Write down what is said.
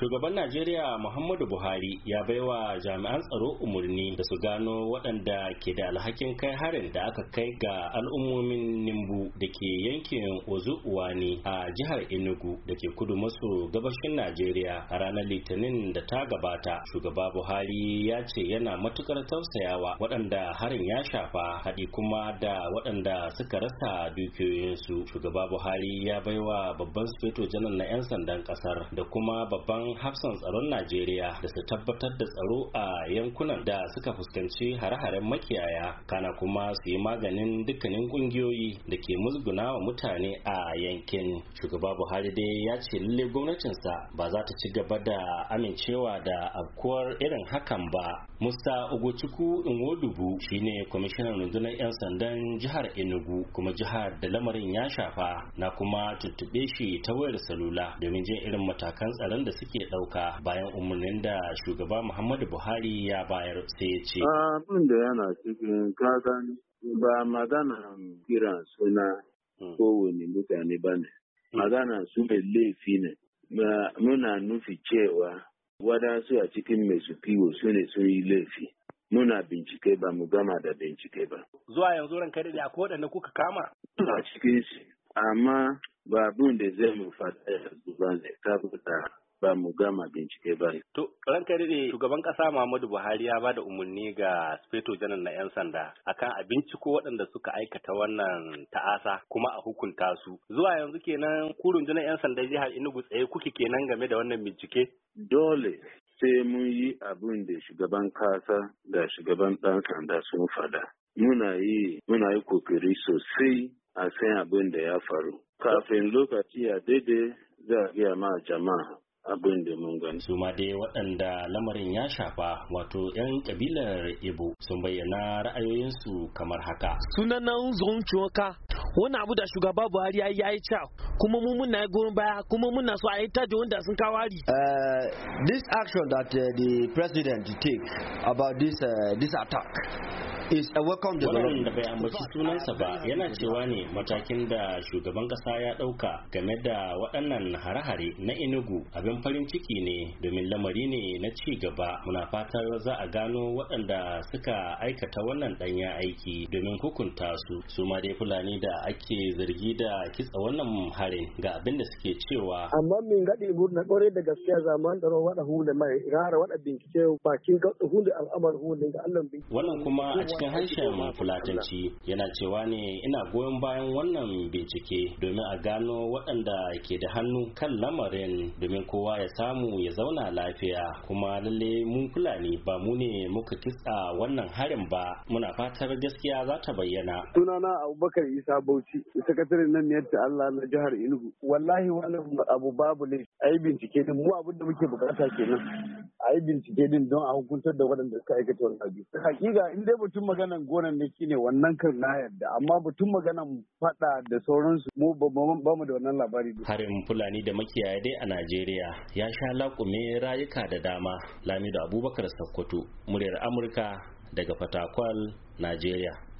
shugaban najeriya muhammadu buhari ya baiwa jami'an tsaro umarni da su gano waɗanda ke da alhakin kai harin da aka kai ga al'ummomin nimbu da ke yankin Ozo-Uwani a jihar enugu da ke kudu maso gabashin najeriya a ranar litinin da ta gabata shugaba buhari ya ce yana matukar tausayawa waɗanda harin ya shafa haɗi kuma da waɗanda suka rasa dukiyoyinsu shugaba buhari ya baiwa babban sufeto janar na 'yan sandan ƙasar da kuma babban babban hafsan tsaron Najeriya da su tabbatar da tsaro a yankunan da suka fuskanci hare-haren makiyaya kana kuma su yi maganin dukkanin kungiyoyi da ke musguna wa mutane a yankin. Shugaba Buhari dai ya ce lalle gwamnatinsa ba za ta ci gaba da amincewa da afkuwar irin hakan ba. Musa Ugochukwu Nwodubu shine kwamishinan rundunar 'yan sandan jihar Enugu kuma jihar da lamarin ya shafa na kuma tuttuɓe shi ta wayar salula domin jin irin matakan tsaron da suke suke ɗauka bayan umarnin da shugaba Muhammadu Buhari ya bayar sai ya ce. Abin da yana cikin kasan ba magana kira suna hmm. kowane mutane ba ne. Hmm. Magana su ne laifi ne. Muna nufi cewa wadansu a cikin mai su kiwo su ne sun yi laifi. Muna bincike ba mu gama da bincike ba. Zuwa yanzu ran kare da akwai waɗanda kuka kama? A cikin shi. Amma ba da zai mu faɗa yanzu ba ne ta ba mu gama bincike ba. To ranka daɗe shugaban ƙasa Muhammadu Buhari ya ba da umarni ga Sufeto Janar na 'yan sanda akan abinci ko waɗanda suka aikata wannan ta'asa kuma a hukunta su. Zuwa yanzu kenan kurun janar 'yan sanda jihar Enugu tsaye kuke kenan game da wannan bincike? Dole sai mun yi abin da shugaban kasa da shugaban ɗan sanda sun fada. Muna yi muna yi kokari sosai a san abin da ya faru. Kafin lokaci ya daidai za a gaya ma jama'a abin da mun gani. su ma dai waɗanda lamarin ya shafa wato 'yan kabilar ibo sun bayyana ra'ayoyinsu kamar haka sunanan zon chuka wani abu da shugaba buhari ya yi ca kuma mu muna goyon baya kuma muna so a yi ta da wanda sun kawari eh, this action that uh, the president take about this uh, this attack is a welcome development. da bai ambaci sunansa ba yana cewa ne matakin da shugaban kasa ya dauka game da waɗannan hare-hare na inugu. abin farin ciki ne domin lamari ne na ci gaba muna fatar za a gano waɗanda suka aikata wannan ɗanya aiki domin hukunta su su ma dai fulani da ake zargi da kitsa wannan harin ga abin da suke cewa. Amma min gaɗi murna kore da gaskiya zaman da wada hune mai gara wada bincike bakin gaɗa al'amar hunde ga Allah bincike. Wannan kuma a cikin harshen fulatanci yana cewa ne ina goyon bayan wannan bincike domin a gano waɗanda ke da hannu kan lamarin domin kowa ya samu ya zauna lafiya kuma lalle mun fulani ba mu ne muka kitsa wannan harin ba muna fatar gaskiya za ta bayyana sunana abubakar isa bauchi sakataren nan ta allah na jihar enugu wallahi wani abu babu ne a yi bincike din mu abin da muke bukata kenan a yi bincike din don a hukuntar da waɗanda suka aikata wani abu hakika in dai batun maganan gonan ne ne wannan kan na yarda amma batun maganan fada da sauransu mu ba mu da wannan labari harin fulani da makiyaya dai a najeriya ya sha laƙume rayuka da dama lamido abubakar sakkwato muryar amurka daga fatakwal najeriya